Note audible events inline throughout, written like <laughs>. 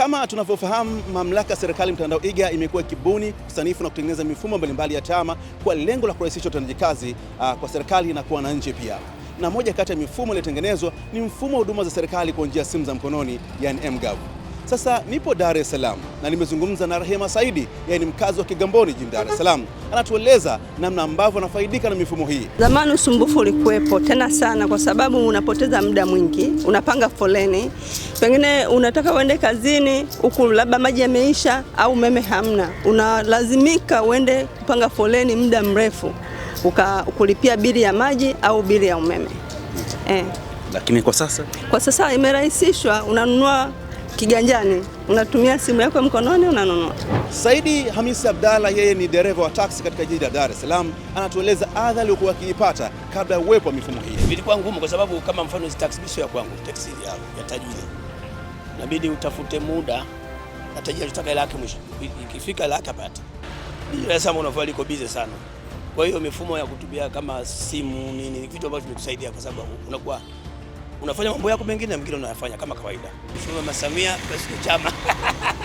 Kama tunavyofahamu, mamlaka ya serikali mtandao iga imekuwa ikibuni kusanifu na kutengeneza mifumo mbalimbali ya TEHAMA kwa lengo la kurahisisha utendaji kazi uh, kwa serikali na kwa wananchi pia na moja kati ya mifumo iliyotengenezwa ni mfumo wa huduma za serikali kwa njia ya simu za mkononi, yani mGov. Sasa nipo Dar es Salaam na nimezungumza na Rehema Saidi, yeye ni mkazi wa Kigamboni jijini Dar es Salaam. Anatueleza namna ambavyo anafaidika na mifumo hii. Zamani usumbufu ulikuwepo tena sana, kwa sababu unapoteza muda mwingi, unapanga foleni pengine unataka uende kazini huku, labda maji yameisha au umeme hamna, unalazimika uende kupanga foleni muda mrefu ukulipia bili ya maji au bili ya umeme mm. eh. Lakini kwa sasa, kwa sasa imerahisishwa, unanunua kiganjani, unatumia simu yako mkononi, unanunua. Saidi Hamisi Abdalla, yeye ni dereva wa taksi katika jiji la Dar es Salaam, anatueleza adha aliyokuwa akiipata kabla ya uwepo wa mifumo hii. Ilikuwa ngumu kwa sababu kama mfano hizi taksi sio ya kwangu, taksi ya tajiri inabidi utafute muda ateja tutaka hela yake mwisho ikifika hela yake apate. Dar es liko busy sana, kwa hiyo mifumo ya kutubia kama simu nini, vitu ambavyo vimetusaidia kwa sababu unakuwa unafanya mambo yako mengine, mengine unayafanya kama kawaida. Mama Samia, chama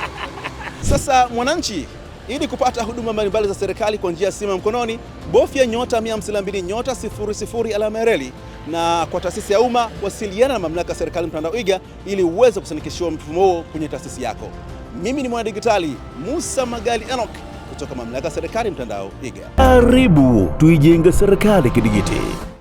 <laughs> sasa mwananchi ili kupata huduma mbalimbali za serikali kwa njia ya simu ya mkononi, bofya nyota 152 nyota 00 alama ya reli, na kwa taasisi ya umma wasiliana na mamlaka ya serikali mtandao iga ili uweze kusanikishiwa mfumo huo kwenye taasisi yako. Mimi ni mwanadigitali Musa Magali Enoch kutoka mamlaka ya serikali mtandao iga. Karibu tuijenge serikali kidigiti.